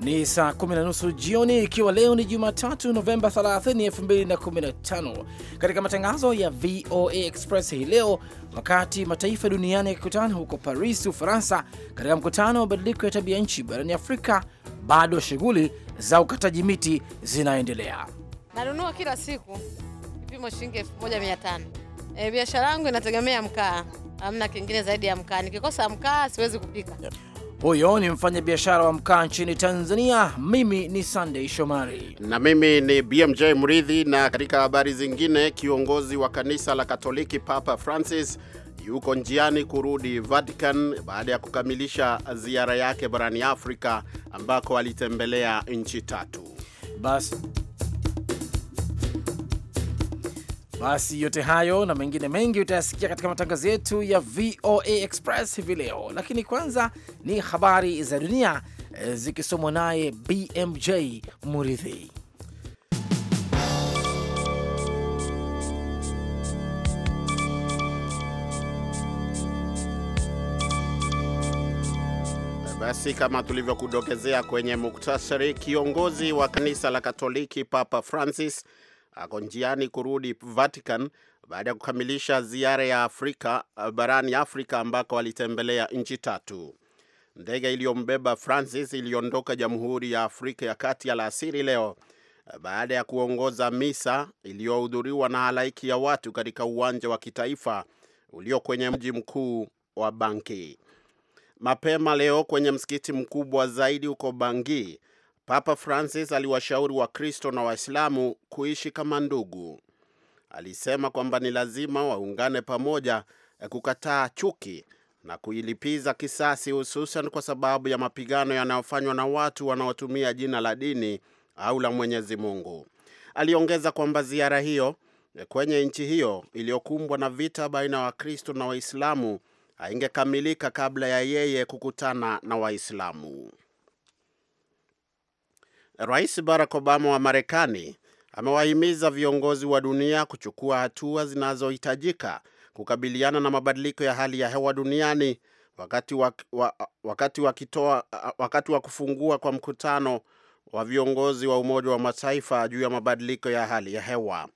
Ni saa kumi na nusu jioni, ikiwa leo ni Jumatatu Novemba 30, 2015. Katika matangazo ya VOA Express hii leo, wakati mataifa duniani yakikutana huko Paris, Ufaransa, katika mkutano wa mabadiliko ya tabia nchi barani Afrika, bado shughuli za ukataji miti zinaendelea. Nanunua kila siku kipimo shilingi 1500. E, eh, biashara yangu inategemea mkaa, hamna kingine zaidi ya mkaa. Nikikosa mkaa siwezi kupika. Yep. Huyo ni mfanyabiashara wa mkaa nchini Tanzania. Mimi ni Sunday Shomari na mimi ni BMJ Mridhi. Na katika habari zingine, kiongozi wa kanisa la Katoliki Papa Francis yuko njiani kurudi Vatican baada ya kukamilisha ziara yake barani Afrika ambako alitembelea nchi tatu. Basi Basi yote hayo na mengine mengi utayasikia katika matangazo yetu ya VOA Express hivi leo, lakini kwanza ni habari za dunia eh, zikisomwa naye BMJ Muridhi. Basi kama tulivyokudokezea kwenye muktasari, kiongozi wa kanisa la Katoliki Papa Francis ako njiani kurudi Vatican baada ya kukamilisha ziara ya Afrika eh, barani Afrika ambako alitembelea nchi tatu. Ndege iliyombeba Francis iliondoka Jamhuri ya Afrika ya Kati alasiri leo eh, baada ya kuongoza misa iliyohudhuriwa na halaiki ya watu katika uwanja wa kitaifa ulio kwenye mji mkuu wa Bangi. Mapema leo kwenye msikiti mkubwa zaidi huko Bangi, Papa Francis aliwashauri Wakristo na Waislamu kuishi kama ndugu. Alisema kwamba ni lazima waungane pamoja eh, kukataa chuki na kuilipiza kisasi, hususan kwa sababu ya mapigano yanayofanywa na watu wanaotumia jina la dini au la Mwenyezi Mungu. Aliongeza kwamba ziara hiyo eh, kwenye nchi hiyo iliyokumbwa na vita baina ya Wakristo na Waislamu haingekamilika kabla ya yeye kukutana na Waislamu. Rais Barack Obama wa Marekani amewahimiza viongozi wa dunia kuchukua hatua zinazohitajika kukabiliana na mabadiliko ya hali ya hewa duniani wakati wa, wa, wakati kitoa, wakati wa kufungua kwa mkutano wa viongozi wa Umoja wa Mataifa juu ya mabadiliko ya hali ya hewa.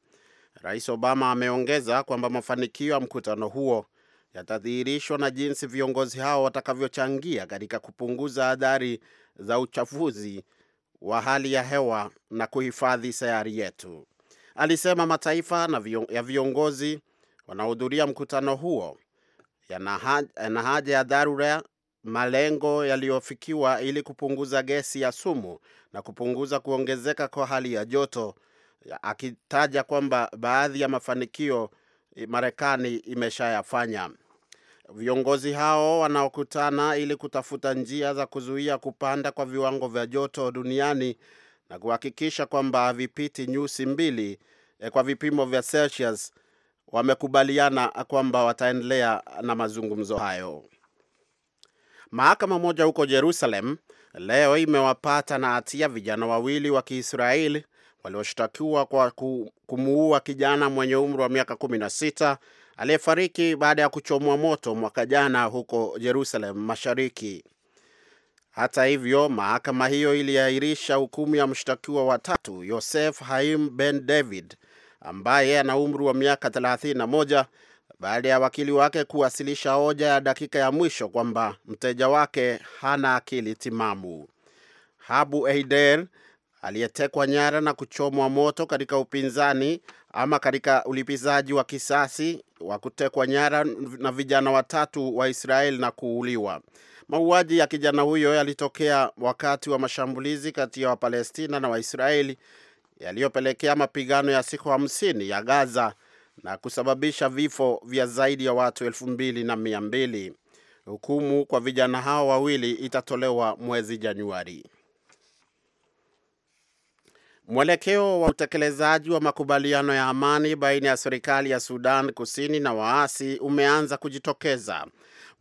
Rais Obama ameongeza kwamba mafanikio ya mkutano huo yatadhihirishwa na jinsi viongozi hao watakavyochangia katika kupunguza adhari za uchafuzi wa hali ya hewa na kuhifadhi sayari yetu. Alisema mataifa na vion, ya viongozi wanaohudhuria mkutano huo yana haja ya dharura malengo yaliyofikiwa ili kupunguza gesi ya sumu na kupunguza kuongezeka kwa hali ya joto, akitaja kwamba baadhi ya mafanikio eh, Marekani imeshayafanya. Viongozi hao wanaokutana ili kutafuta njia za kuzuia kupanda kwa viwango vya joto duniani na kuhakikisha kwamba havipiti nyuzi mbili eh, kwa vipimo vya Celsius wamekubaliana kwamba wataendelea na mazungumzo hayo. Mahakama moja huko Jerusalem leo imewapata na hatia vijana wawili wa Kiisraeli walioshtakiwa kwa kumuua kijana mwenye umri wa miaka 16 aliyefariki baada ya kuchomwa moto mwaka jana huko Jerusalem Mashariki. Hata hivyo, mahakama hiyo iliahirisha hukumu ya mshtakiwa wa tatu Yosef Haim Ben David ambaye ana umri wa miaka 31 baada ya wakili wake kuwasilisha hoja ya dakika ya mwisho kwamba mteja wake hana akili timamu. Habu Eider aliyetekwa nyara na kuchomwa moto katika upinzani ama katika ulipizaji wa kisasi wa kutekwa nyara na vijana watatu wa Israel na kuuliwa. Mauaji ya kijana huyo yalitokea wakati wa mashambulizi kati ya Wapalestina na Waisraeli yaliyopelekea mapigano ya siku hamsini ya Gaza na kusababisha vifo vya zaidi ya watu elfu mbili na mia mbili. Hukumu kwa vijana hao wawili itatolewa mwezi Januari. Mwelekeo wa utekelezaji wa makubaliano ya amani baina ya serikali ya Sudan Kusini na waasi umeanza kujitokeza.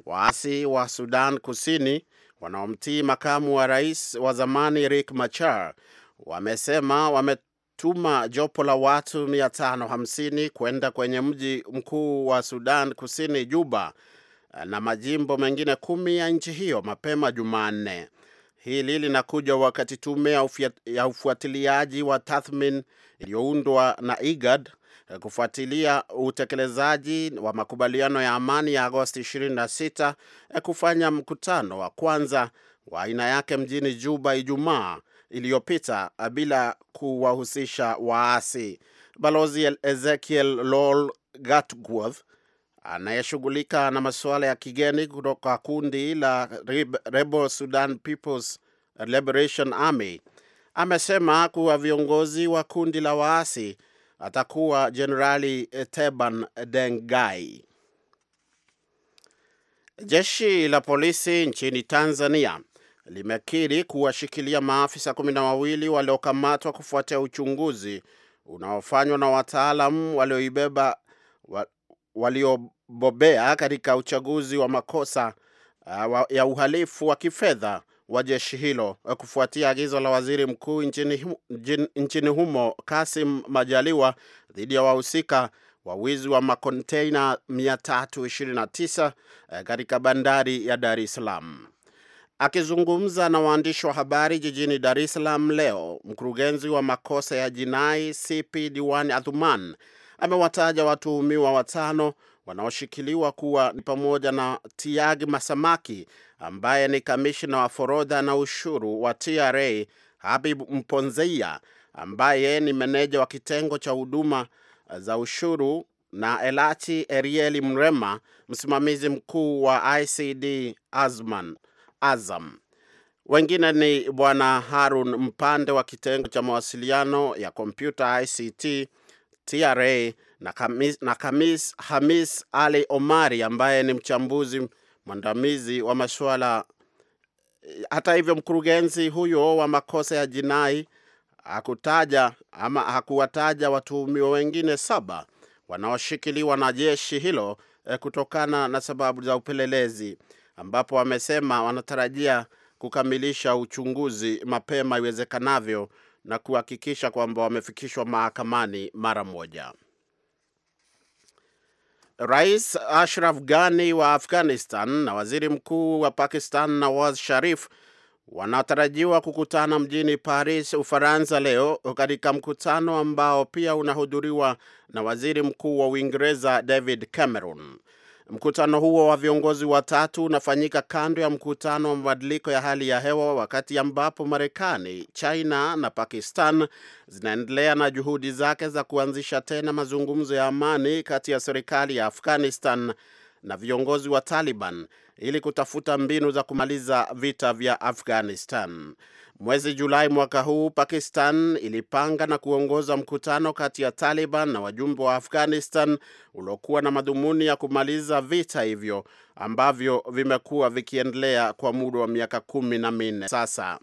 Waasi wa Sudan Kusini wanaomtii makamu wa rais wa zamani Riek Machar wamesema wametuma jopo la watu 550 kwenda kwenye mji mkuu wa Sudan Kusini, Juba, na majimbo mengine kumi ya nchi hiyo mapema Jumanne. Hili linakuja wakati tume ya ufuatiliaji wa tathmin iliyoundwa na IGAD eh, kufuatilia utekelezaji wa makubaliano ya amani ya Agosti 26 eh, kufanya mkutano wa kwanza wa aina yake mjini Juba Ijumaa iliyopita eh, bila kuwahusisha waasi. Balozi Ezekiel Lol Gatworth anayeshughulika na masuala ya kigeni kutoka kundi la Rebel Sudan People's Liberation Army amesema kuwa viongozi wa kundi la waasi atakuwa Jenerali Teban Dengai. Jeshi la polisi nchini Tanzania limekiri kuwashikilia maafisa kumi na wawili waliokamatwa kufuatia uchunguzi unaofanywa na wataalam walioibeba wa, walio waliobobea katika uchaguzi wa makosa uh, ya uhalifu wa kifedha wa jeshi hilo eh, kufuatia agizo la waziri mkuu nchini, humo Kasim Majaliwa dhidi ya wahusika wa wizi wa makonteina 329 eh, katika bandari ya Dar es Salaam. Akizungumza na waandishi wa habari jijini Dar es Salaam leo, mkurugenzi wa makosa ya jinai CP Diwani Adhuman amewataja watuhumiwa watano wanaoshikiliwa kuwa ni pamoja na Tiag Masamaki ambaye ni kamishna wa forodha na ushuru wa TRA, Habib Mponzeia ambaye ni meneja wa kitengo cha huduma za ushuru na Elati Erieli Mrema, msimamizi mkuu wa ICD Azman, Azam. Wengine ni Bwana Harun Mpande wa kitengo cha mawasiliano ya kompyuta ICT TRA na Kamis, na Kamis Hamis Ali Omari ambaye ni mchambuzi mwandamizi wa masuala. Hata hivyo, mkurugenzi huyo wa makosa ya jinai hakutaja ama hakuwataja watuhumiwa wengine saba wanaoshikiliwa na jeshi hilo eh, kutokana na sababu za upelelezi, ambapo wamesema wanatarajia kukamilisha uchunguzi mapema iwezekanavyo na kuhakikisha kwamba wamefikishwa mahakamani mara moja. Rais Ashraf Ghani wa Afghanistan na waziri mkuu wa Pakistan Nawaz Sharif wanatarajiwa kukutana mjini Paris, Ufaransa leo katika mkutano ambao pia unahudhuriwa na waziri mkuu wa Uingereza David Cameron. Mkutano huo wa viongozi watatu unafanyika kando ya mkutano wa mabadiliko ya hali ya hewa, wakati ambapo Marekani, China na Pakistan zinaendelea na juhudi zake za kuanzisha tena mazungumzo ya amani kati ya serikali ya Afghanistan na viongozi wa Taliban ili kutafuta mbinu za kumaliza vita vya Afghanistan. Mwezi Julai mwaka huu Pakistan ilipanga na kuongoza mkutano kati ya Taliban na wajumbe wa Afghanistan uliokuwa na madhumuni ya kumaliza vita hivyo ambavyo vimekuwa vikiendelea kwa muda wa miaka kumi na minne sasa.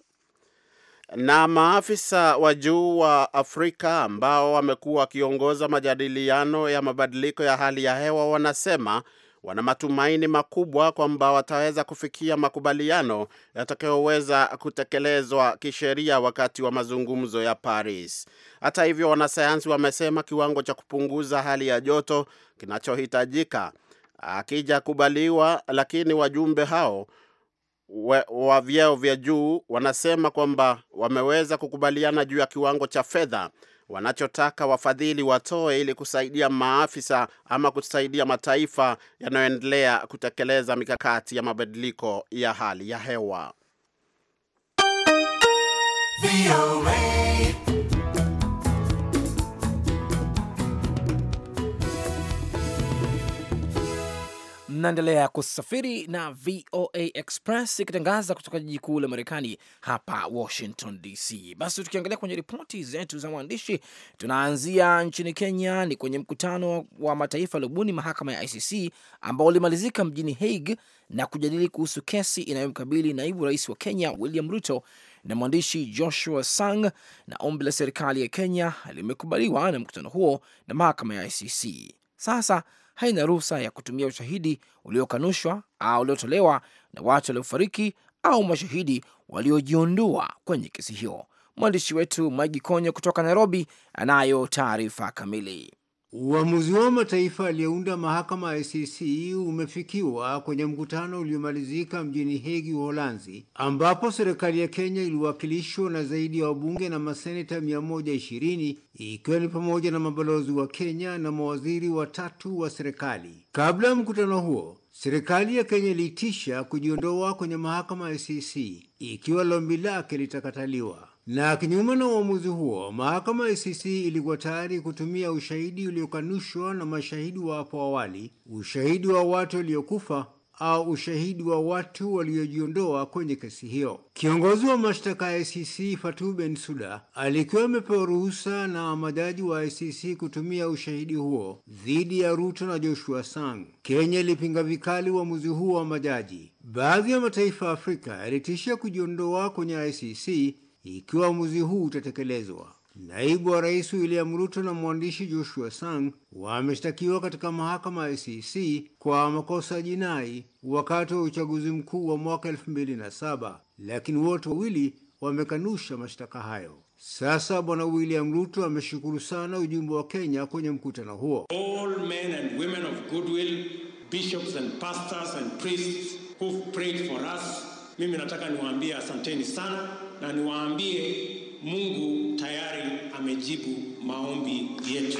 Na maafisa wa juu wa Afrika ambao wamekuwa wakiongoza majadiliano ya mabadiliko ya hali ya hewa wanasema wana matumaini makubwa kwamba wataweza kufikia makubaliano yatakayoweza kutekelezwa kisheria wakati wa mazungumzo ya Paris. Hata hivyo, wanasayansi wamesema kiwango cha kupunguza hali ya joto kinachohitajika akijakubaliwa, lakini wajumbe hao wa vyeo vya juu wanasema kwamba wameweza kukubaliana juu ya kiwango cha fedha wanachotaka wafadhili watoe ili kusaidia maafisa ama kusaidia mataifa yanayoendelea kutekeleza mikakati ya mabadiliko ya hali ya hewa. Mnaendelea kusafiri na VOA Express ikitangaza kutoka jiji kuu la Marekani hapa Washington DC. Basi tukiangalia kwenye ripoti zetu za mwandishi tunaanzia nchini Kenya. Ni kwenye mkutano wa mataifa aliobuni mahakama ya ICC ambao ulimalizika mjini Hague na kujadili kuhusu kesi inayomkabili naibu rais wa Kenya William Ruto na mwandishi Joshua Sang, na ombi la serikali ya Kenya limekubaliwa na mkutano huo na mahakama ya ICC. Sasa haina ruhusa ya kutumia ushahidi uliokanushwa au uliotolewa na watu waliofariki au mashahidi waliojiondoa kwenye kesi hiyo. Mwandishi wetu Maji Konyo kutoka Nairobi anayo taarifa kamili. Uamuzi wa mataifa aliyeunda mahakama ya ICC umefikiwa kwenye mkutano uliomalizika mjini Hague, Uholanzi, ambapo serikali ya Kenya iliwakilishwa na zaidi ya wabunge na maseneta 120 ikiwa ni pamoja na mabalozi wa Kenya na mawaziri watatu wa serikali. Kabla ya mkutano huo, serikali ya Kenya iliitisha kujiondoa kwenye mahakama ya ICC ikiwa lombi lake litakataliwa. Na kinyume na uamuzi huo, mahakama ya ICC ilikuwa tayari kutumia ushahidi uliokanushwa na mashahidi wa hapo awali, ushahidi wa watu waliokufa au ushahidi wa watu waliojiondoa kwenye kesi hiyo. Kiongozi wa mashtaka ya ICC Fatou Bensouda alikuwa amepewa ruhusa na majaji wa ICC kutumia ushahidi huo dhidi ya Ruto na Joshua Sang. Kenya ilipinga vikali uamuzi huo wa majaji. Baadhi ya mataifa ya Afrika yalitishia kujiondoa kwenye ICC ikiwa uamuzi huu utatekelezwa, naibu wa rais William Ruto na mwandishi Joshua Sang wameshtakiwa katika mahakama ya ICC kwa makosa ya jinai wakati wa uchaguzi mkuu wa mwaka saba, lakini wote wawili wamekanusha mashtaka hayo. Sasa Bwana William Ruto ameshukuru sana ujumbe wa Kenya kwenye mkutano huo. All men and women of goodwill, bishops and pastors and priests who've prayed for us, mimi nataka niwaambie asanteni sana na niwaambie Mungu tayari amejibu maombi yetu.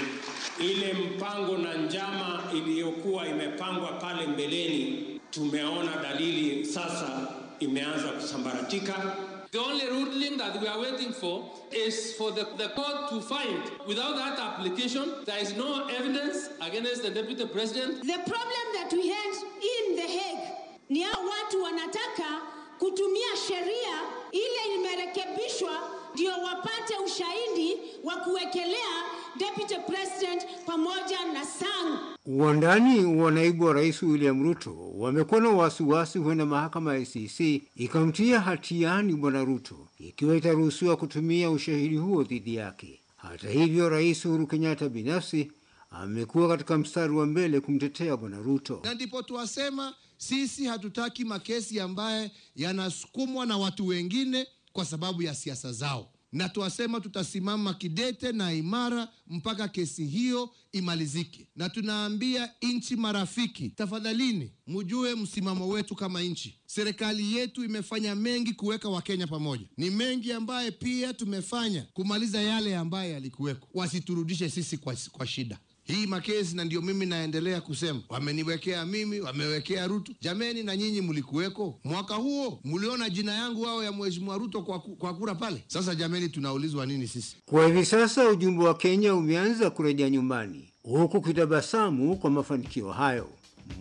Ile mpango na njama iliyokuwa imepangwa pale mbeleni, tumeona dalili sasa imeanza kusambaratika. The only ruling that we are waiting for is for the, the court to find. Without that application, there is no evidence against the deputy president. The problem that we had in The Hague ni watu wanataka kutumia sheria ile imerekebishwa ndio wapate ushahidi wa kuwekelea deputy president pamoja na Sang. Wandani wa naibu wa rais William Ruto wamekuwa na wasiwasi huenda mahakama ya ICC ikamtia hatiani bwana Ruto ikiwa itaruhusiwa kutumia ushahidi huo dhidi yake. Hata hivyo, rais Uhuru Kenyatta binafsi amekuwa katika mstari wa mbele kumtetea bwana Ruto, na ndipo tuwasema sisi hatutaki makesi ambaye yanasukumwa na watu wengine kwa sababu ya siasa zao, na tuwasema tutasimama kidete na imara mpaka kesi hiyo imalizike, na tunaambia nchi marafiki, tafadhalini mjue msimamo wetu kama nchi. Serikali yetu imefanya mengi kuweka Wakenya pamoja, ni mengi ambaye pia tumefanya kumaliza yale ambaye yalikuweko, wasiturudishe sisi kwa, kwa shida hii makesi, na ndio mimi naendelea kusema wameniwekea mimi, wamewekea Ruto. Jameni, na nyinyi mlikuweko mwaka huo, mliona jina yangu wao ya mheshimiwa Ruto kwa, kwa kura pale. Sasa jameni, tunaulizwa nini sisi? Kwa hivi sasa ujumbe wa Kenya umeanza kurejea nyumbani, huku kitabasamu kwa mafanikio hayo.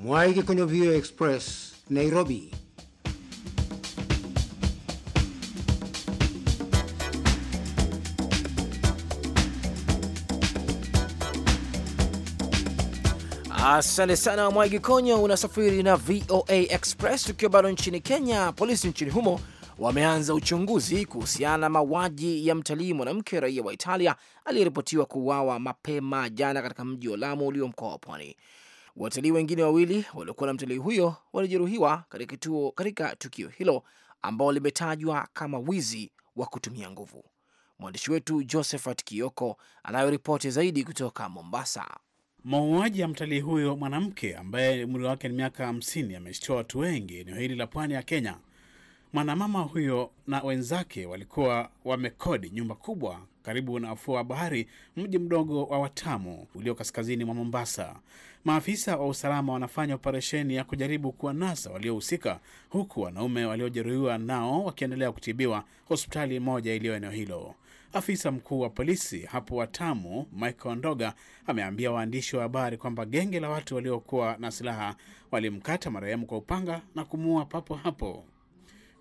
Mwaiki kwenye VOA Express, Nairobi. Asante sana Mwaigi Konyo, unasafiri na VOA Express. Tukiwa bado nchini Kenya, polisi nchini humo wameanza uchunguzi kuhusiana na mauaji ya mtalii mwanamke raia wa Italia aliyeripotiwa kuuawa mapema jana katika mji wa Lamu ulio mkoa wa Pwani. Watalii wengine wawili waliokuwa na mtalii huyo walijeruhiwa katika kituo katika tukio hilo ambao limetajwa kama wizi wa kutumia nguvu. Mwandishi wetu Josephat Kioko anayoripoti zaidi kutoka Mombasa. Mauaji ya mtalii huyo mwanamke ambaye umri wake ni miaka hamsini ameshtua watu wengi eneo hili la pwani ya Kenya. Mwanamama huyo na wenzake walikuwa wamekodi nyumba kubwa karibu na ufuo wa bahari, mji mdogo wa Watamu ulio kaskazini mwa Mombasa. Maafisa wa usalama wanafanya operesheni ya kujaribu kuwanasa waliohusika, huku wanaume waliojeruhiwa nao wakiendelea kutibiwa hospitali moja iliyo eneo hilo. Afisa mkuu wa polisi hapo Watamu, Michael Ndoga, ameambia waandishi wa habari kwamba genge la watu waliokuwa na silaha walimkata marehemu kwa upanga na kumuua papo hapo.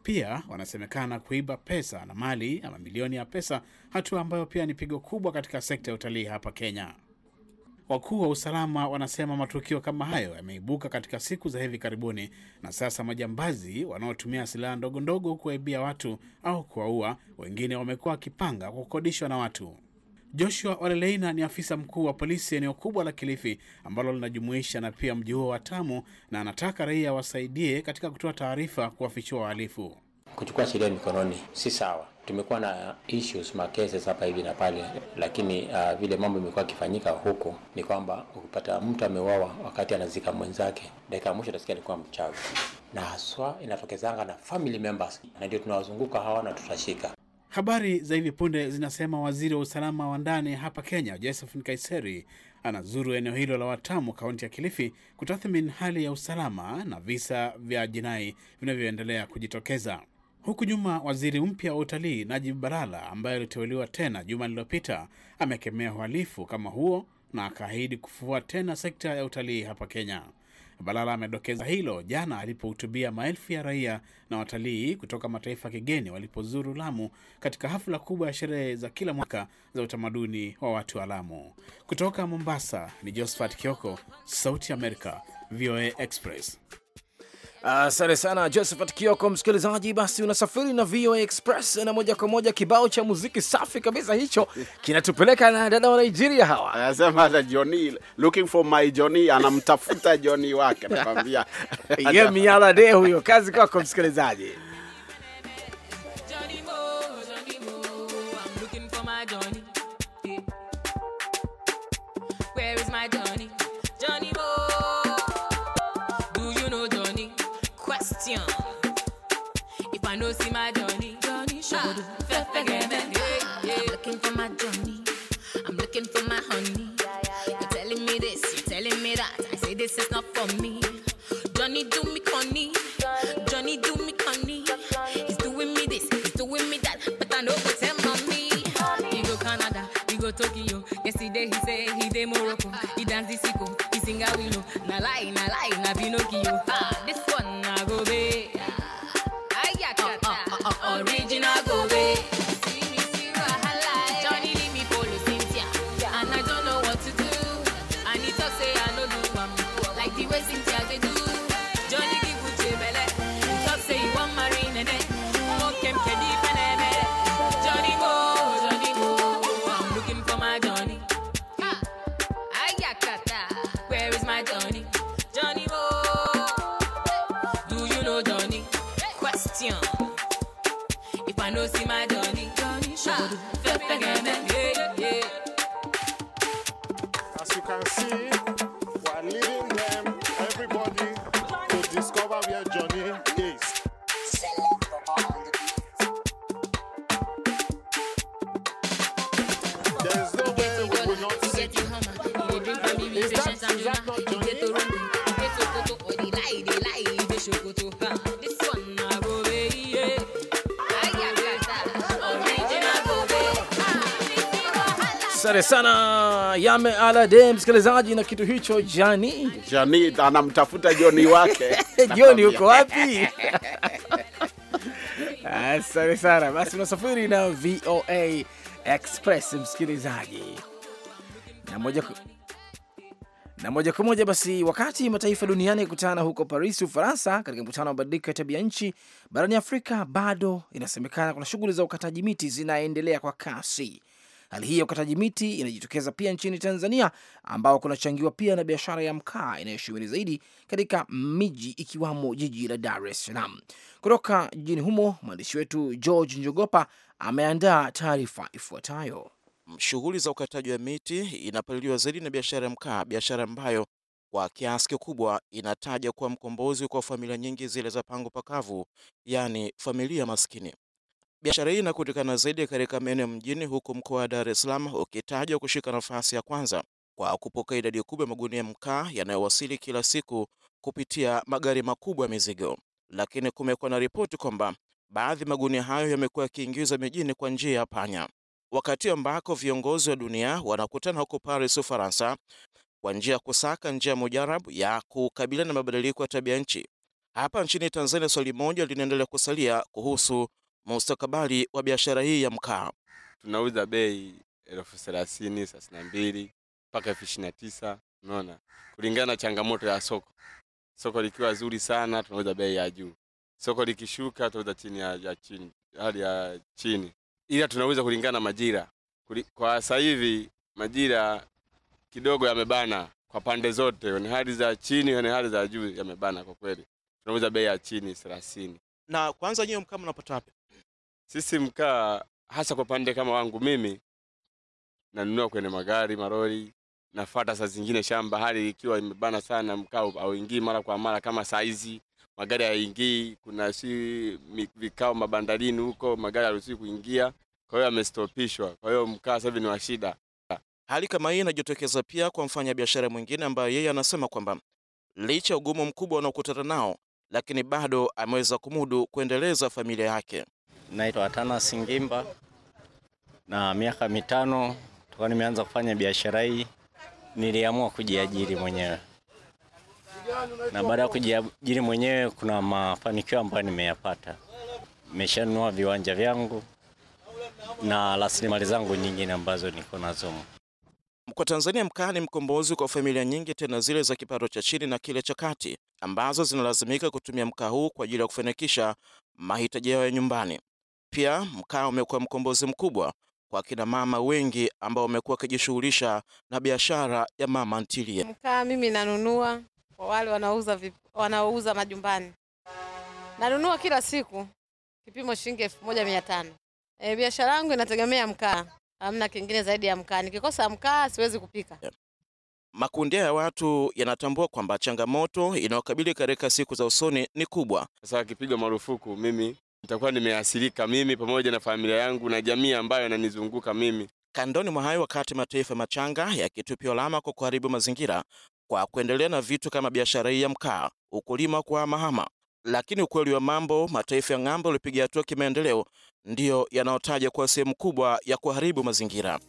Pia wanasemekana kuiba pesa na mali ya mamilioni ya pesa, hatua ambayo pia ni pigo kubwa katika sekta ya utalii hapa Kenya. Wakuu wa usalama wanasema matukio kama hayo yameibuka katika siku za hivi karibuni, na sasa majambazi wanaotumia silaha ndogo ndogo kuwaibia watu au kuwaua wengine wamekuwa wakipanga kwa kukodishwa na watu. Joshua Oleleina ni afisa mkuu wa polisi eneo kubwa la Kilifi ambalo linajumuisha na pia mji huo wa Tamu, na anataka raia wasaidie katika kutoa taarifa kuwafichua wahalifu. Kuchukua sheria mikononi si sawa Tumekuwa na issues makese hapa hivi na pale, lakini uh, vile mambo imekuwa akifanyika huko ni kwamba ukipata mtu ameuawa wakati anazika mwenzake, dakika ya mwisho utasikia kuwa mchawi, na haswa inatokezanga na family members, na ndio tunawazunguka hawa na tutashika. Habari za hivi punde zinasema waziri wa usalama wa ndani hapa Kenya Joseph Nkaiseri anazuru eneo hilo la Watamu, kaunti ya Kilifi, kutathmini hali ya usalama na visa vya jinai vinavyoendelea kujitokeza. Huku nyuma waziri mpya wa utalii Najib Balala, ambaye aliteuliwa tena juma lililopita, amekemea uhalifu kama huo na akaahidi kufufua tena sekta ya utalii hapa Kenya. Balala amedokeza hilo jana alipohutubia maelfu ya raia na watalii kutoka mataifa ya kigeni walipozuru Lamu katika hafla kubwa ya sherehe za kila mwaka za utamaduni wa watu wa Lamu. Kutoka Mombasa ni Josephat Kioko, Sauti America, VOA Express. Asante uh, sana Josephat Kioko. Msikilizaji, basi unasafiri na VOA Express na moja kwa moja kibao cha muziki safi kabisa hicho kinatupeleka na dada wa Nigeria hawa, anasema hata Johnny looking for my Johnny, anamtafuta Johnny wake nakwambia. miala de huyo, kazi kwako msikilizaji. I'm looking for my Johnny. I'm looking for my honey. You're telling me this, you're telling me that. I say this is not for me. Johnny do me conny. Johnny do me conny. He's doing me this, he's doing me that. But I know what's him on me. He go Canada, he go Tokyo. Yesterday he say he de Morocco. He dance the sicko, he sing a willow. Na lie, na lie, na Pinocchio. Ah, this one I go babe. Asante sana Yame Alade, msikilizaji, na kitu hicho Jani. Jani anamtafuta Joni wake. Joni uko wapi? Asante sana. Basi unasafiri na VOA Express msikilizaji, na moja na moja kwa moja basi, wakati mataifa duniani yakikutana huko Paris, Ufaransa, katika mkutano wa mabadiliko ya tabia nchi barani Afrika, bado inasemekana kuna shughuli za ukataji miti zinaendelea kwa kasi. Hali hii ya ukataji miti inajitokeza pia nchini Tanzania, ambao kunachangiwa pia na biashara ya mkaa inayoshumiri zaidi katika miji ikiwamo jiji la Dar es Salaam. Kutoka jijini humo, mwandishi wetu George Njogopa ameandaa taarifa ifuatayo. Shughuli za ukataji wa miti inapaliliwa zaidi na biashara ya mkaa, biashara ambayo kwa kiasi kikubwa inataja kuwa mkombozi kwa familia nyingi zile za pango pakavu, yaani familia maskini. Biashara hii inakutikana zaidi katika maeneo mjini, huku mkoa wa Dar es Salaam ukitajwa kushika nafasi ya kwanza kwa kupokea idadi kubwa ya magunia mkaa yanayowasili kila siku kupitia magari makubwa ya mizigo. Lakini kumekuwa na ripoti kwamba baadhi ya magunia hayo yamekuwa yakiingizwa mijini kwa njia ya panya, wakati ambako viongozi wa dunia wanakutana huko Paris, Ufaransa, kwa njia ya kusaka njia mujarabu ya kukabiliana na mabadiliko ya tabia nchi. Hapa nchini Tanzania, swali moja linaendelea kusalia kuhusu mustakabali wa biashara hii ya mkaa. Tunauza bei elfu thelathini thelathini na mbili mpaka elfu ishirini na tisa unaona, kulingana na changamoto ya soko. Soko likiwa zuri sana tunauza bei ya juu, soko likishuka tunauza chini ya, ya chini hali ya chini, ila tunauza kulingana na majira. Kwa sasa hivi majira kidogo yamebana kwa pande zote, ni yaani hali za chini, wenye yaani hali za juu yamebana kwa kweli. Tunauza bei ya chini thelathini. Na kwanza nyewe mkaa mnapata wapi? Sisi mkaa hasa kwa pande kama wangu mimi nanunua kwenye magari maroli, nafata saa zingine shamba, hali ikiwa imebana sana, mkaa auingii mara kwa mara kama saizi, magari hayaingii. Kuna si vikao mabandarini huko, magari haruhusiwi kuingia, kwa hiyo amestopishwa Kwa hiyo mkaa sahivi ni wa shida. Hali kama hii inajitokeza pia kwa mfanya biashara mwingine ambayo yeye anasema kwamba licha ugumu mkubwa wanaokutana nao, lakini bado ameweza kumudu kuendeleza familia yake. Naitwa Atana Singimba na miaka mitano toka nimeanza kufanya biashara hii niliamua kujiajiri mwenyewe, na baada ya kujiajiri mwenyewe kuna mafanikio ambayo nimeyapata. Nimeshanunua viwanja vyangu na rasilimali zangu nyingine ambazo niko nazo. Kwa Tanzania, mkaa ni mkombozi kwa familia nyingi, tena zile za kipato cha chini na kile cha kati ambazo zinalazimika kutumia mkaa huu kwa ajili ya kufanikisha mahitaji yao ya nyumbani. Pia mkaa umekuwa mkombozi mkubwa kwa kina mama wengi ambao wamekuwa wakijishughulisha na biashara ya mama ntilie. Mkaa mimi nanunua kwa wale wanauza, vip... majumbani, nanunua kila siku kipimo shilingi elfu moja mia tano. E, biashara yangu inategemea mkaa, hamna kingine zaidi ya mkaa. Nikikosa mkaa siwezi kupika yeah. Makundi ya watu yanatambua kwamba changamoto inayokabili katika siku za usoni ni kubwa. Sasa akipiga marufuku, mimi nitakuwa nimeathirika mimi pamoja na familia yangu na jamii ambayo inanizunguka mimi. Kandoni mwa hayo, wakati mataifa machanga yakitupia lama kwa kuharibu mazingira kwa kuendelea na vitu kama biashara hii ya mkaa, ukulima kwa mahama, lakini ukweli wa mambo, mataifa ya ng'ambo yalipiga hatua kimaendeleo ndiyo yanayotaja kwa sehemu kubwa ya kuharibu mazingira.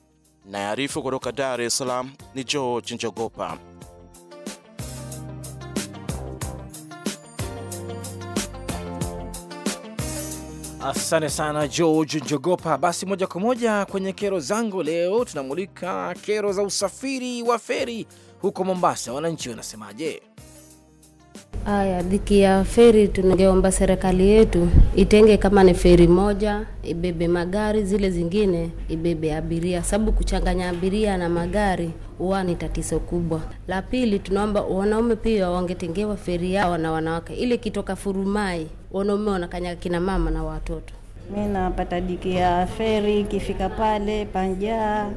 Naarifu kutoka Dar es Salaam ni George Njogopa. Asante sana George Jogopa. Basi moja kwa moja kwenye kero zangu leo, tunamulika kero za usafiri wa feri huko Mombasa. Wananchi wanasemaje? Aya, dhiki ya feri tungeomba serikali yetu itenge kama ni feri moja ibebe magari, zile zingine ibebe abiria, sababu kuchanganya abiria na magari huwa ni tatizo kubwa. La pili, tunaomba wanaume pia wangetengewa feri yao na wanawake, ili kitoka Furumai wanaume wanakanyaga kina mama na watoto. Mi napata dhiki ya feri ikifika pale panjaa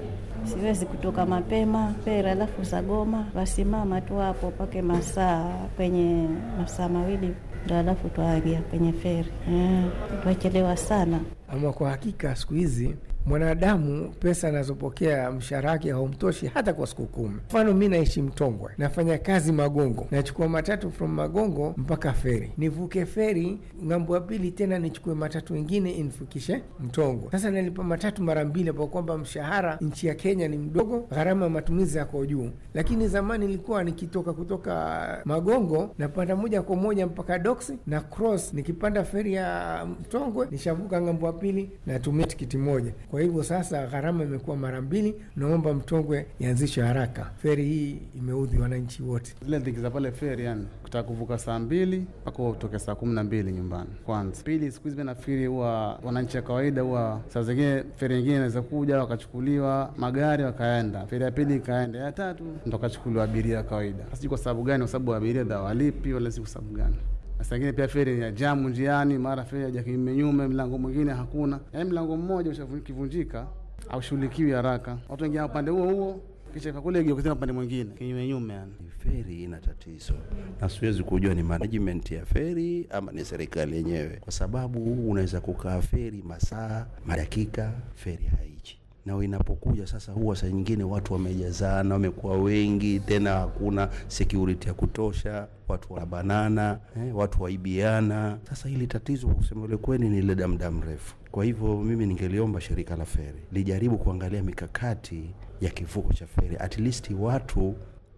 siwezi kutoka mapema Pera alafu Zagoma, wasimama tu hapo pake masaa kwenye masaa mawili ndo alafu twaangia kwenye feri. Yeah, twachelewa sana. Ama kwa hakika siku hizi mwanadamu pesa anazopokea mshahara wake haumtoshi hata kwa siku kumi. Mfano, mi naishi Mtongwe, nafanya kazi Magongo, nachukua matatu from Magongo mpaka feri, nivuke feri ng'ambo ya pili, tena nichukue matatu ingine inifikishe Mtongwe. Sasa nalipa matatu mara mbili, kwa kwamba mshahara nchi ya Kenya ni mdogo, gharama ya matumizi yako juu. Lakini zamani ilikuwa nikitoka kutoka Magongo napanda moja kwa moja mpaka doksi na cross, nikipanda feri ya Mtongwe nishavuka ng'ambo ya pili, natumia tikiti moja kwa hivyo sasa gharama imekuwa mara mbili. Naomba Mtongwe ianzishwe haraka, feri hii imeudhi wananchi wote. Zile za pale feri, yani kutaka kuvuka saa mbili mpaka utoke saa kumi na mbili nyumbani kwanza. Pili, siku hizi nafikiri huwa wananchi wa kawaida huwa saa zingine feri nyingine inaweza kuja wakachukuliwa magari wakaenda, feri ya pili ikaenda, ya tatu ndo akachukuliwa abiria wa kawaida. Sijui kwa sababu gani, kwa sababu abiria hawalipi wala si kwa sababu gani. Sasa sangine pia feri ya jamu njiani, mara feri yaja kimenyume, mlango mwingine hakuna, yaani mlango mmoja ushakivunjika aushughulikiwi haraka, watu wengi upande huo huo kisha kakule geukia upande mwingine kinyume nyume. Yani feri ina tatizo, na siwezi kujua ni management ya feri ama ni serikali yenyewe, kwa sababu unaweza kukaa feri masaa madakika, feri haiji na inapokuja sasa, huwa saa nyingine watu wamejazana, wamekuwa wengi, tena hakuna security ya kutosha, watu wanabanana eh, watu waibiana. Sasa hili tatizo kwa kusema ule kweli ni ile muda mrefu. Kwa hivyo mimi ningeliomba shirika la feri lijaribu kuangalia mikakati ya kivuko cha feri, at least watu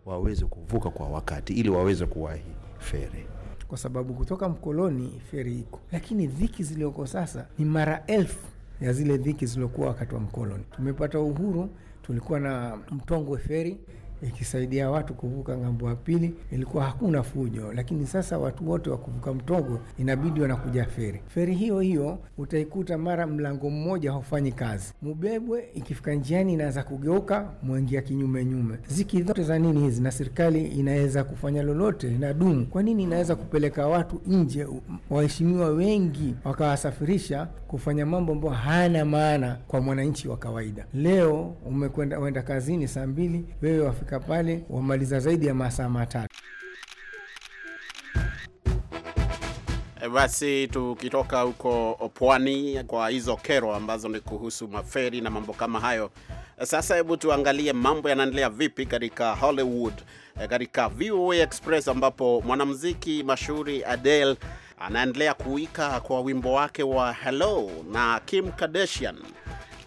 waweze kuvuka kwa wakati ili waweze kuwahi feri kwa sababu kutoka mkoloni feri iko, lakini dhiki zilioko sasa ni mara elfu ya zile dhiki zilizokuwa wakati wa mkoloni. Tumepata uhuru, tulikuwa na mtongwe feri ikisaidia watu kuvuka ng'ambo ya pili. Ilikuwa hakuna fujo, lakini sasa watu wote wa kuvuka mtogo inabidi wanakuja feri. Feri hiyo hiyo utaikuta mara mlango mmoja haufanyi kazi, Mubebwe ikifika njiani inaweza kugeuka, mwengia kinyume nyume. Ziki zote za nini hizi? Na serikali inaweza kufanya lolote na dumu? Kwa nini inaweza kupeleka watu nje, waheshimiwa wengi wakawasafirisha kufanya mambo ambayo hayana maana kwa mwananchi wa kawaida? Leo umekwenda kazini saa mbili, wewe wafika mpaka pale wamaliza zaidi ya masaa matatu. Eh, basi tukitoka huko pwani kwa hizo kero ambazo ni kuhusu maferi na mambo kama hayo, eh, sasa hebu tuangalie mambo yanaendelea vipi katika Hollywood, eh, katika VOA Express ambapo mwanamziki mashuhuri adel anaendelea kuwika kwa wimbo wake wa Hello na Kim Kardashian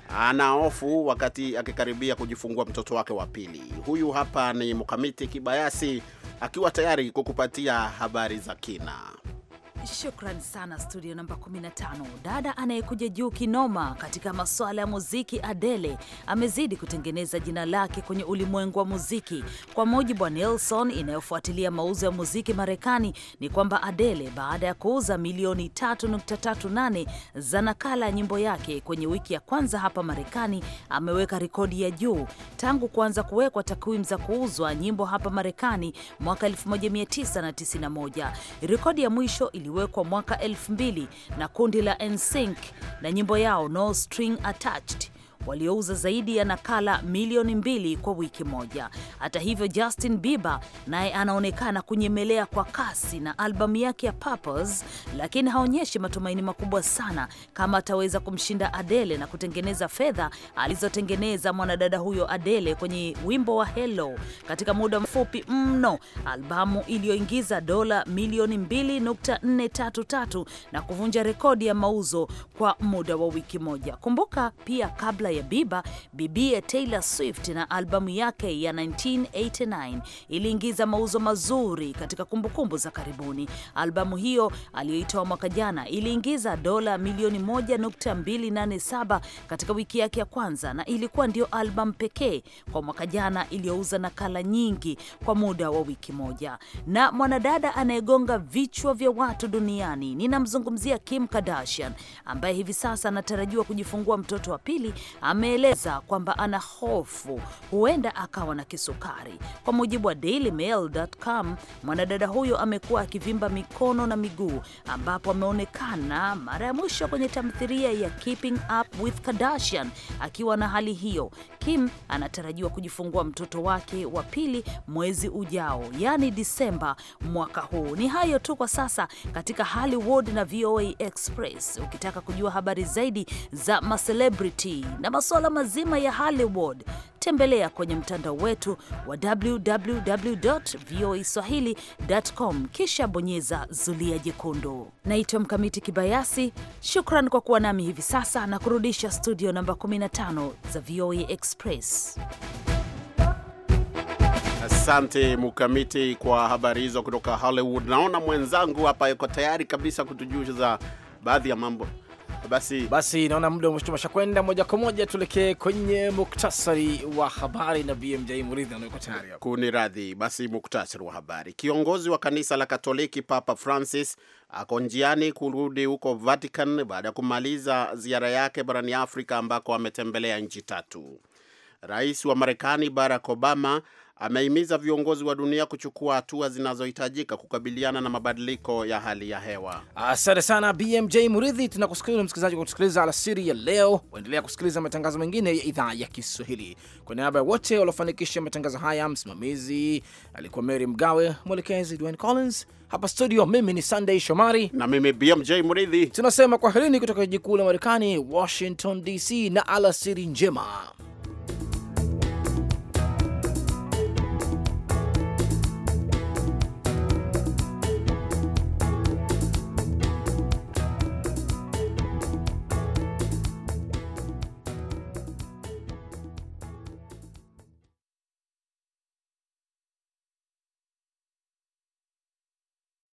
ana hofu wakati akikaribia kujifungua mtoto wake wa pili. Huyu hapa ni Mkamiti Kibayasi akiwa tayari kukupatia habari za kina. Shukran sana studio namba 15. Dada anayekuja juu kinoma katika masuala ya muziki Adele amezidi kutengeneza jina lake kwenye ulimwengu wa muziki. Kwa mujibu wa Nelson inayofuatilia mauzo ya muziki Marekani, ni kwamba Adele baada ya kuuza milioni 3.38 za nakala ya nyimbo yake kwenye wiki ya kwanza hapa Marekani, ameweka rekodi ya juu tangu kuanza kuwekwa takwimu za kuuzwa nyimbo hapa Marekani mwaka 1991. Rekodi ya mwisho ili iliwekwa mwaka 2000 na kundi la NSYNC na nyimbo yao No String Attached waliouza zaidi ya nakala milioni mbili kwa wiki moja. Hata hivyo, Justin Bieber naye anaonekana kunyemelea kwa kasi na albamu yake ya Purpose, lakini haonyeshi matumaini makubwa sana kama ataweza kumshinda Adele na kutengeneza fedha alizotengeneza mwanadada huyo Adele kwenye wimbo wa Hello katika muda mfupi mno, albamu iliyoingiza dola milioni 2.433 na kuvunja rekodi ya mauzo kwa muda wa wiki moja. Kumbuka pia kabla ya Bieber, bibie Taylor Swift na albamu yake ya 1989 iliingiza mauzo mazuri katika kumbukumbu za karibuni. Albamu hiyo aliyoitoa mwaka jana iliingiza dola milioni 1.287 katika wiki yake ya kwanza, na ilikuwa ndio albamu pekee kwa mwaka jana iliyouza nakala nyingi kwa muda wa wiki moja. Na mwanadada anayegonga vichwa vya watu duniani ninamzungumzia Kim Kardashian ambaye hivi sasa anatarajiwa kujifungua mtoto wa pili ameeleza kwamba ana hofu huenda akawa na kisukari. Kwa mujibu wa dailymail.com, mwanadada huyo amekuwa akivimba mikono na miguu, ambapo ameonekana mara ya mwisho kwenye tamthilia ya Keeping Up with Kardashian akiwa na hali hiyo. Kim anatarajiwa kujifungua mtoto wake wa pili mwezi ujao, yani Disemba mwaka huu. Ni hayo tu kwa sasa katika Hollywood na VOA Express. Ukitaka kujua habari zaidi za macelebrity na masuala mazima ya Hollywood, tembelea kwenye mtandao wetu wa www.voaswahili.com, kisha bonyeza zulia jekundu. Naitwa Mkamiti Kibayasi. Shukran kwa kuwa nami hivi sasa na kurudisha studio namba 15 za VOA Express. Asante Mkamiti kwa habari hizo kutoka Hollywood. Naona mwenzangu hapa yuko tayari kabisa kutujuza baadhi ya mambo basi basi, naona muda umesha kwenda moja kwa moja, tuelekee kwenye muktasari wa habari na BMJ Muridhi anayeko tayari hapo. Kuni radhi. Basi muktasari wa habari. Kiongozi wa kanisa la Katoliki Papa Francis ako njiani kurudi huko Vatican baada ya kumaliza ziara yake barani Afrika ambako ametembelea nchi tatu. Rais wa Marekani Barack Obama amehimiza viongozi wa dunia kuchukua hatua zinazohitajika kukabiliana na mabadiliko ya hali ya hewa. Asante sana BMJ Muridhi, tunakusikiliza msikilizaji kwa kusikiliza alasiri ya leo. waendelea kusikiliza matangazo mengine ya idhaa ya Kiswahili. Kwa niaba ya wote waliofanikisha matangazo haya, msimamizi alikuwa Mary Mgawe, mwelekezi Dwayne Collins hapa studio, mimi ni Sunday Shomari na mimi BMJ Muridhi, tunasema kwaherini kutoka jiji kuu la Marekani, Washington DC, na alasiri njema.